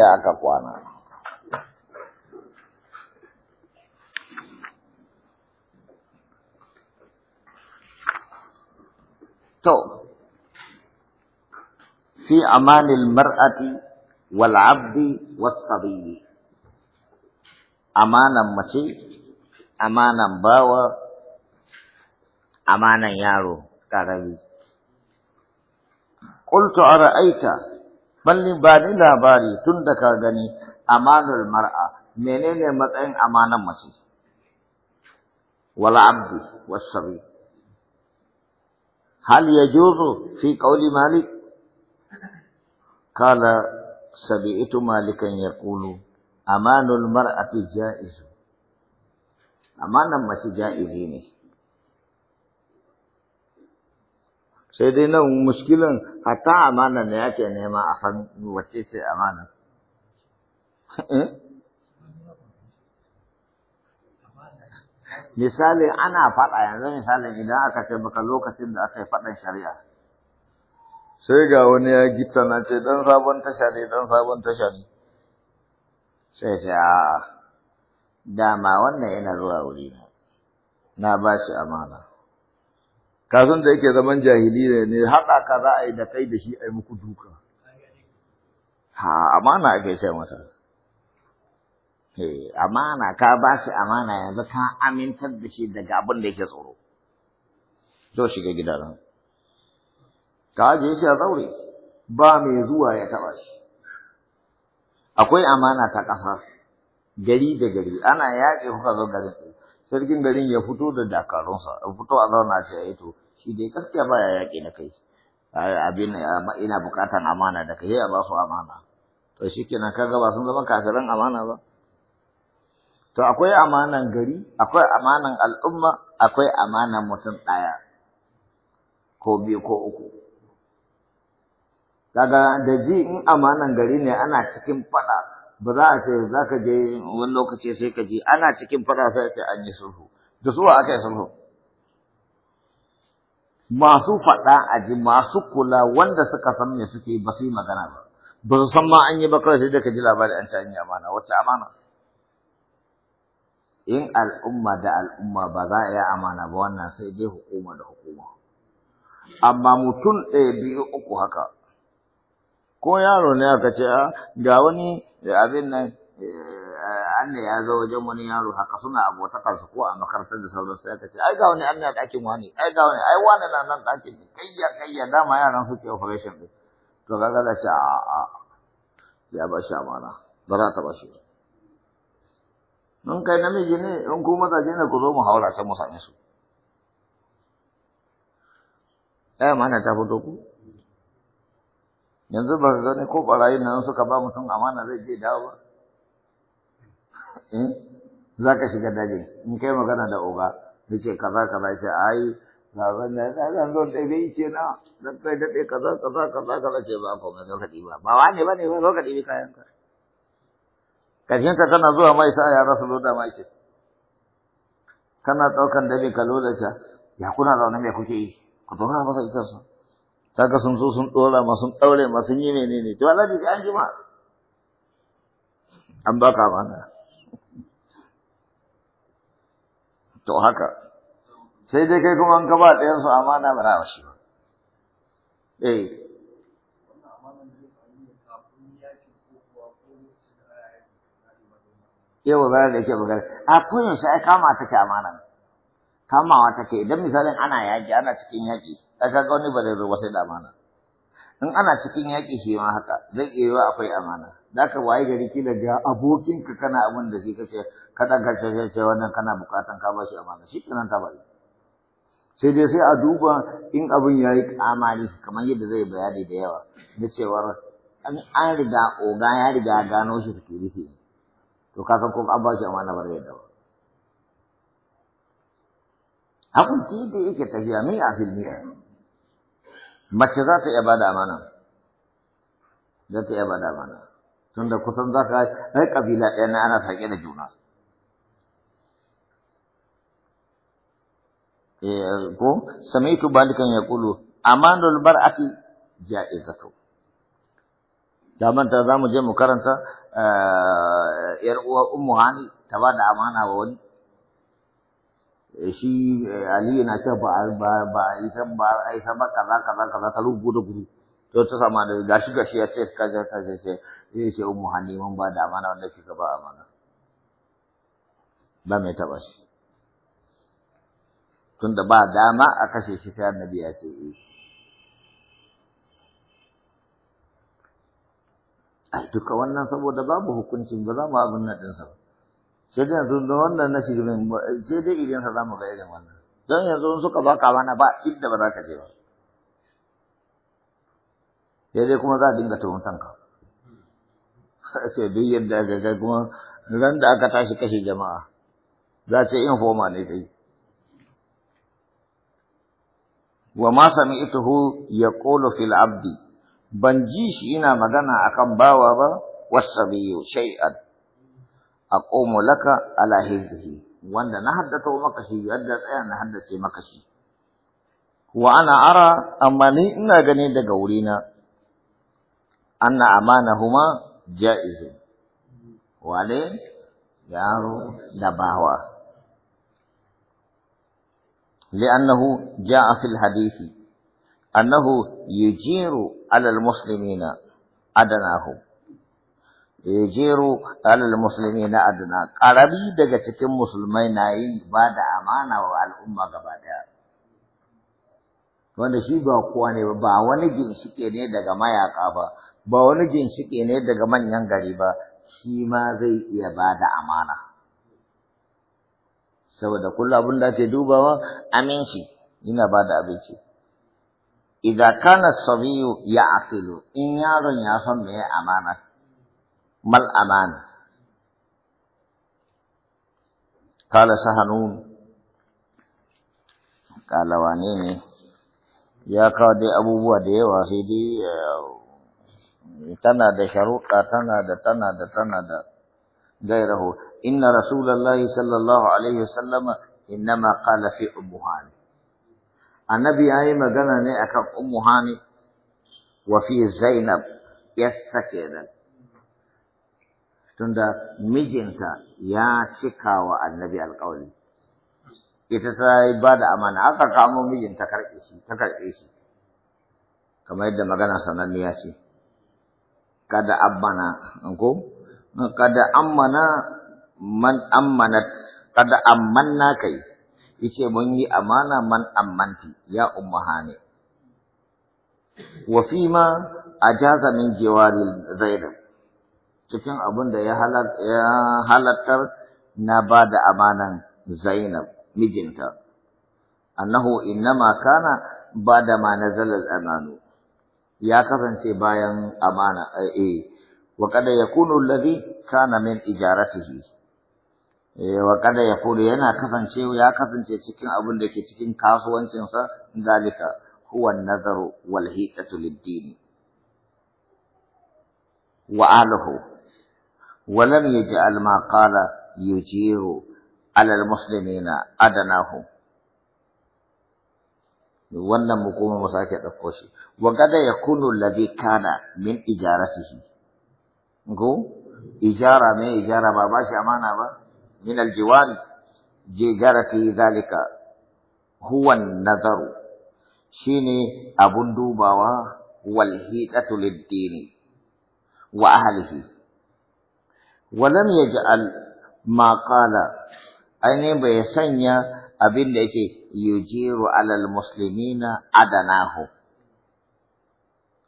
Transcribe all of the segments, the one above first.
inda aka kwana to fi amanil mar'ati wal 'abdi was sabi amanan mace amanan bawa amanan yaro karami qultu ara'aita balli ba ni labari tun da ka gani amanul mar'a menene matsayin amanan mace wala abdi wasabi hal juzu fi qawli malik qala sabi'tu malikan yaqulu amanul mar'ati jaiz amanan mace jaizi ne sai dai nan muskilan hatta amanan da yake nema a san wacce ce amanan? Eh? Misali ana faɗa yanzu misali idan aka ce baka lokacin da aka yi faɗan shari'a. Sai ga wani ya gita na ce ɗan sabon tasha ne, ɗan sabon tasha ne. Sai ce a'a, dama wannan yana zuwa wuri na, na ba shi amana. kasan da yake zaman jahili ne haɗa ka za a yi da kai da shi a yi muku duka ha amana ake ce masa amana ka ba shi amana yanzu ka amintar da shi daga abin da yake tsoro zo shiga gida nan ka ajiye shi a zaure ba mai zuwa ya taɓa shi akwai amana ta ƙasa gari da gari ana yaƙi kuka zo garin sarkin garin ya fito da dakarunsa ya fito a zauna ce ya eh to shi dai gaskiya baya yaƙi da kai abin ina buƙatan amana da kai ya ba su amana to shi kenan kaga ba sun zama kafiran amana ba to akwai amanan gari akwai amanan al'umma akwai amanan mutum ɗaya ko biyu ko uku kaga da ji in amanan gari ne ana cikin faɗa ba za a ce za ka je wani lokaci sai ka ji ana cikin fara sai ce an yi sulhu da suwa aka yi sulhu masu faɗa a ji masu kula wanda suka san me suke ba su yi magana ba ba su san ma an yi ba kawai sai da ka ji labari an ci an yi amana wacce amana in al'umma da al'umma ba za a yi amana ba wannan sai dai hukuma da hukuma amma mutum ɗaya biyu uku haka ko yaro ne aka ce ah, ga wani eh, abin nan Allah eh, ya zo wajen wani yaro haka suna abotakar su ko a makarantar da sauran sai aka ce ai ga wani Allah dakin wani ai ga wani ai wani na nan dakin. ne kai ya dama yaran suke operation din to ga da ce a a ya ba shi amana ba za ta ba shi mun kai namiji ne in ku mazaje ne ku zo mu haura can mu same su ɗaya mana ta fito ku yanzu ba su zane ko barayin nan suka ba mutum amana zai je dawo ba eh, za ka shiga daji in kai magana da oga ya ce kaza kaza ce ai na zan da na zan zo da yi ce na dan kai daɗe kaza kaza kaza kaza ce ba ko mai lokaci ba ba ne ba ne ba lokaci bi kayan ka ƙarshen ka kana zuwa mai sa ya rasu loda mai ce kana ɗaukan dabi ka loda ta ya kuna zaune me kuke yi ku zauna masa ita sun saka sun so sun dora ma sun daure ma sun yi menene to Allah ji an jima an baka mana to haka sai dai kai kuma an kaba ba ɗayan su amana ba za shi ba eh yau ba da ke bugar a kunin sai kama take amanan kamawa take idan misalin ana yaƙi ana cikin yaƙi daga ga wani ba zai sai da amana in ana cikin yaƙi shi ma haka zai iya yiwa akwai amana da ka waye gari kila ga abokinka kana abin da shi kace kada ka ce ce wannan kana bukatan ka ba amana shi kenan ta bari sai dai sai a duba in abin ya yi kamar yadda zai bayani da yawa da cewar an riga oga ya riga gano shi security si to ka san ko an ba amana ba zai Aku ba ikut da yake tafiya mai a mace za ta iya bada amana za ta iya bada amana tunda kusan za ka ai kabila ɗaya na ana sake da juna eh, ko sami'tu balikan yaqulu amanul bar'ati ja'izatu daman ta mu je mu karanta eh, yar uwar ummu hani ta bada amana wa wani shi eh, aliyu na cewa ba ba ita ba ba kaza kaza kaza ta rubu da gudu to ta sama da gashi gashi ya ce ka ga ka ce ce zai ce ummu hani mun ba da amana wanda shi gaba amana ba mai taba shi tunda ba dama a kashe shi sai na biya ce eh. duka wannan saboda babu hukuncin ba za mu abin na ɗinsa ba sai dai yanzu da wannan na shiga min sai dai idan sa zamu ga irin wannan don yanzu in suka baka wani ba inda ba za ka je ba sai dai kuma za a dinga tuhumtan ka sai duk yadda ga ga kuma ran da aka tashi kashe jama'a za a ce foma ne kai wa ma sami'tuhu yaqulu fil abdi ban ji shi ina magana akan bawa ba wasabiyu shay'an أقوم لك على هذه وأنا نهدته مكشي يؤدى أنا هدتي مكشي وأنا أرى أماني إن أغني دقولينا أن أمانهما جائز وعلي يارو دباوا لأنه جاء في الحديث أنه يجير على المسلمين أدناهم jero alal musulmi na adana ƙarami daga cikin musulmai na yi ba da amana wa al'umma gaba daya wanda shi ba kuwa ne ba wani ginshiƙe ne daga mayaka ba ba wani ginshiƙe ne daga manyan gari ba shi ma zai iya ba da amana saboda kullum abin da ake dubawa shi yana ba da abinci idan kana sabiyu ya akilu in yaron ya san me amana ما amana قال سهنون قال وانيني يا قاضي أبو ودي وسيدي تنادى شروط تنادى تنادى تنادى غيره إن رسول الله صلى الله عليه وسلم إنما قال في أم النبي أي مجنني أكف أم هاني وفي زينب يسكينا tunda mijinta ya cika wa annabi alƙawari ita ta yi ba da amana aka kamo mijinta karɓe shi ta karɓe shi kamar yadda magana ya ce kada ammana ko kada ammana man ammanat kada ammanna kai yace mun yi amana man ammanti ya ummahani wa fima ajaza min jiwari zaidan cikin abin da ya halattar na ba da amanan Zainab mijinta. Annahu innama kana ba da ma nazalar amanu, ya kasance bayan amana E, wa kada ya kunu lari kana min ijaratihi eh, wa kada ya kunu yana kasance ya kasance cikin abin da ke cikin kasuwancinsa zalika huwa nazaru wal hiqatu wa alahu ولم يجعل ما قال يجير على المسلمين أدناه wannan mu kuma mu sake ɗauko shi wa kada ya kunu alladhi kana min ijaratihi go ijara me ijara ba bashi amana ba min aljiwan jigarati zalika huwa nazaru shine abun dubawa wal hidatu lid wa ahlihi walam yaj'al ma qala aine bai sanya abin da yake yujiru alal muslimina adanahu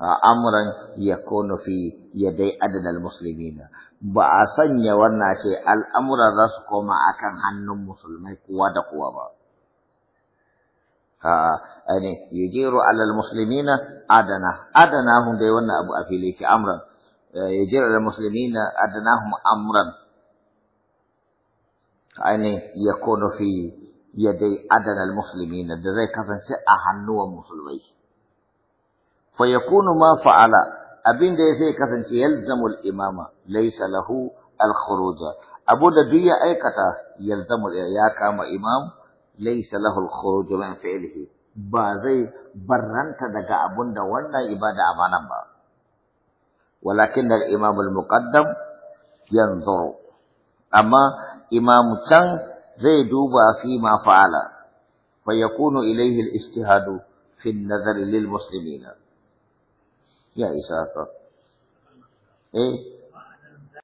amran yakunu fi yadai adanal muslimina ba a sanya wannan ce al'amuran za su koma akan hannun musulmai kuwa da kuwa ba yani yujiru alal muslimina adana adana hun dai wannan abu a fili ki amran يجعل المسلمين أدناهم أمرا يعني يكون في يدي أدنى المسلمين ذي كفن أهنو مسلمي فيكون ما فعل أبين ذي ذي كفن يلزم الإمام ليس له الخروج أبو لدي أيكتا يلزم يا كام إمام ليس له الخروج من فعله بازي برنت barranta daga وانا إبادة أمانا ibada ولكن الإمام المقدم ينظر أما إمام تشان زي فيما فعل فيكون إليه الاجتهاد في النذر للمسلمين يا إسافة إيه